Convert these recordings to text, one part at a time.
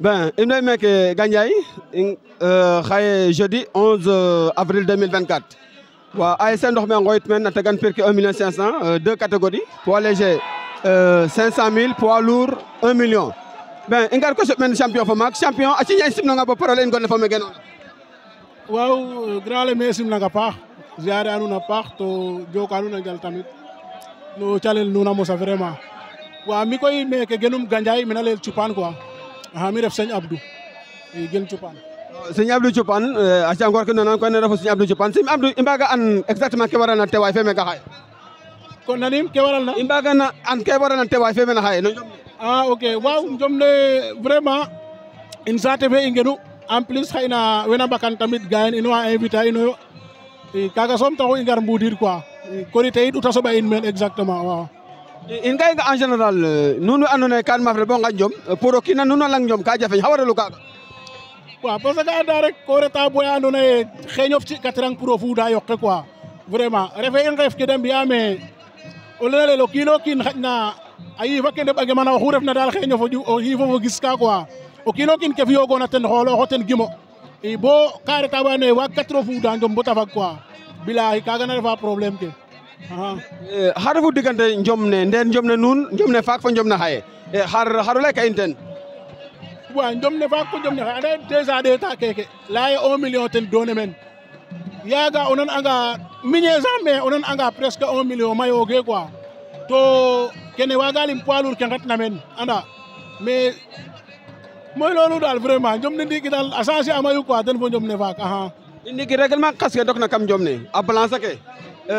Ben, gagné Gagnaï, euh, jeudi 11 euh, avril 2024. Il Dormé en Goytmen, Natagan Perki 1 500 euh, deux catégories, poids léger 500 000, poids lourd 1 million. Ben, Ingar Kosopmen champion Fomak, champion, Achigny Sim Nanga Poporo Lengon de Fomé Genon. Wow, grand le Messim Nanga Pah, Ziare Anuna j'ai to Jokanuna Galtamit, nous challenge nous Namosa vraiment. Wa Mikoy, mais que suis Gagnaï, mais je suis Chupan quoi. aha mi ref sëñ Abdou i gen cupaan sëñ Abdou Cupaan eh, a ci encore ke nonan koy ne refu sëñ Abdou Cupaan sëñ Abdou i mbaaga an exactement ke waralna teewaay fe meke xaye kon nanim ke na i mbaaga na an ke waralna teewaay fe mene xaye no a ah, ok waaw njom ne vraiment in saate fe i ngenu en plus xayna wena mbakan tamit gayen in wa invité ino yo i soom taxu i ngar mbuudir quoi korité yit uta soɓa in meen exactement waaw in ga i nga en général euh, nuun we andoona yee kan maafel bo nqaƴ njom euh, pour o kiin a nuun a lang njom ka jafeñ xa waralu kaaga waaw parce que anda rek ko reta boya andoona yee xeñof ci'katirang pour o fuuda yoqe quoi vraiment refee i nqeef ke da mbi'aa mais o layna lel o kiin o kiin xaƴna a yiif ake ndeɓange mana oxu refna daal xeñof o yiifof o gis ka o kiin o kiin ke fi'oogoona ten xoolooxo ten gimo i bo ka reta bo andoona yee waagkatiro fuuda haɗo eh, fof diggante jomne nden jomne nuun jomne faak fo jomne xaye har eh, haɗo lay ka in ten wa jomne faak fo jomne xaye anda déjà ɗeta keke laye un million ten doone men yaga o nan anga miñesa mais o nan anga presque un million mayoge quoi to kene waga lim poids lourd ke men anda mais mooy loolu daal vraiment jom ne ndiki daal a changer amayu quoi ten fo jom ne faak axa ndiki règlement qas ke ndokna kam jom ne a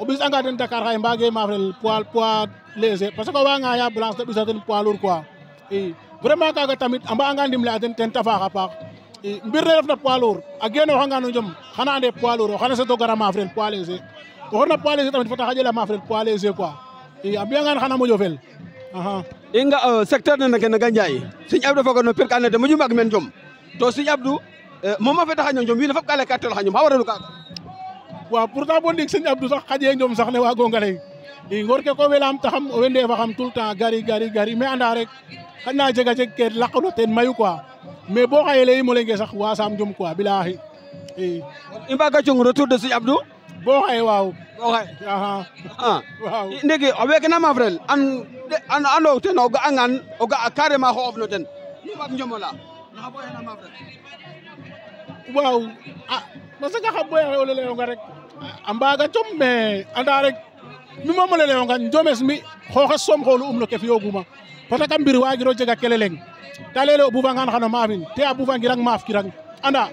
o ɓis anga ten Dakar xaye mbage maaf rel poids parce que o waga nga ya balance te ɓisa ten poids lourd quoi i vraiment kaga tamit a mbaga ndimle a ten ten te a paax i mbir refna poids lourd a genoxanga xana ande poids lourd o xana seto gara maaf rel poids o xorna poids léger tamit fata xaƴela maaf rel poids léger quoi i a mbiyangan xana moƴo fel i nga euh, secteur nene ke naga Ndiaye Serigne Abdou faga no pir euh, ka ando naye ten moƴu mbaag men to a waaw pourtant bo ndiik sëñ Abdou sax xaƴe ñoom sax ne waagongalay i ngoor ke koy welaam taxam owey ndeefaxam tout le temps gari gari gari mais anda rek xana jega jeg ke laqalo ten mayu quoi mais bo xaye leyimo leyonge sax wasaam jom quoi bilahi i i mbaga cung retour de sëñ Abdou xaye waaw bo xaye ah. o weeke na maaf an ando ten o ga'angan o ga'a carrément xooxof no ten nu mbaag njomola naxa waaw a ah, parce que xa boya xe o le rek a mbaga jom mais anda rek mi moom o lele yongan jomes mi xooxes soom xoolu um no ke fi'ooguma parce que mbir waagiro jeg a kele leŋ ta lele o bufangaan xano maafin te a bufangirang maaf kirang anda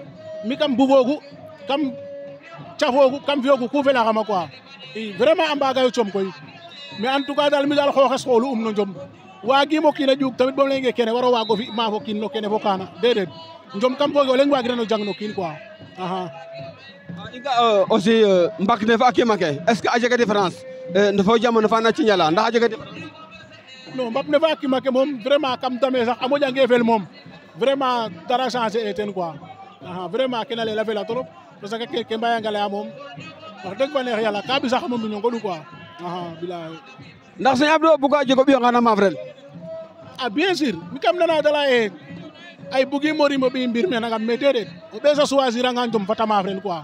mi kam bufoogu kam cafoogu kam fi'oogu ku felaxama quoi i vraiment a mbaagayo com koy mais en tout cas daal mi daal xooxes xoolu um no njom waagiim o kiin a ƴuug tamit bom layonge waro waago fi maaf kiin no kene fo kaana déedéet njom kam fooge o leŋ waagirano Ah, iga aussi eh, eh, mbak ne fa akima ke est ce que a jega différence eh, nde fo jamono fa na ciñala ndax a jega différence non mbap ne fa akima ke moom vraiment kam dame sax a moƴange fel moom vraiment dara changer e ten quoi vraiment kena lela fela trop parce que ke mbayanga leya moom wax ah, deg fa neex yàlla ka bisaxamo mbiño ngoɗu quoi aha bilaay ndax seigne abdou buga jego ɓiyonga na mafrel a ah, bien sûr mi kam nana dala e ay bugi morimo ɓi mbir menagam mais dedet o ɓeesa choisir angan jom fata mafrel quoi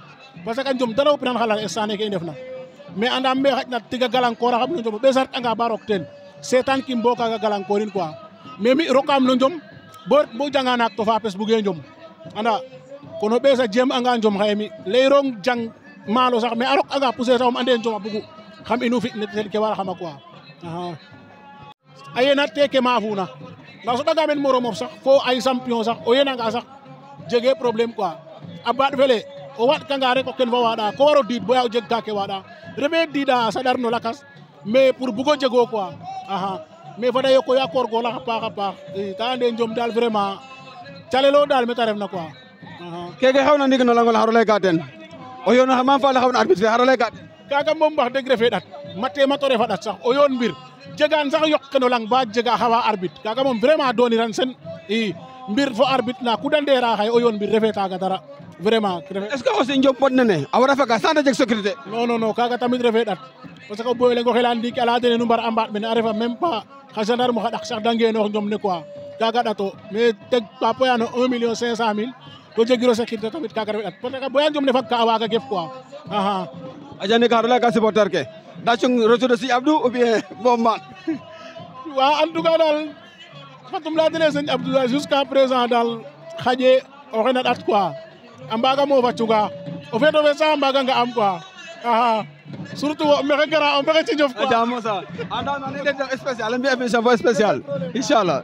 parce que an jom dara wopinan xala instant ke i ndefna mais andam me xaƴna tiga galankora xam no jom ɓe sart anga ba rok teen seetaan kim bo kaga galankorin quoi mais mi rokam no jom bo janga naak to fa buge jom anda kono ɓees a jeem anga jom xaye mi leyirong jang maalo sax mais a rok anga poussé sax um ande jom a bugu xam inu fi tel ke war xama quoi a yena te ke mafuna nda soɓanga men moromof sax fo ay champion sax o yenanga sax jege o waɗ kangare ko ken fo ko waro diid boyaw jeg ka ke rebe refe diida saɗar no lakas mais pour bugo jego quoi aha mais fa day ko ya kor go la pa pa e, ta ande njom dal vraiment calelo dal me ta na quoi kege xewna ndig no la ngol harole ka ten o yon ha man fa la xawna arbitre harole xaro ka ten kaga moom wax deg refe ɗat matema to refa ɗat sax o yon bir jegan sax yok no lang ba jega hawa arbitre kaga mom vraiment ran sen i mbir fo arbitre na dande ra hay o yon bi refe kaga dara vraiment est ce que aussi Ndiop pod ne a wara faga sans de sécurité non non non kaga tamit refé dat parce que boy lengo xela ndiki a leya dene numbar mbar ben arefa même pas xa gendarme xa sax dangé no ñom ne quoi kaga dato mais ya no 1 million 500 mille to jegiro sécurité tamit kaga refé dat parce que boy ñom ne fak ka waga gef quoi aha a jane ka rola ka supporter ke da cung de si abdou ou bien bomba wa en tout cas dal Fatum laatire Seigne Abdoulaye jusqu'à présent dal xaƴe oxey na ƭat quoi a mbaga moof a cunga o feet ofe sax a mbaga nga'am quoi axa surtout wo maxey gara o maxey ciinjof quoi mosa andam ane spécial a mbi'a émission fo spécial inchallah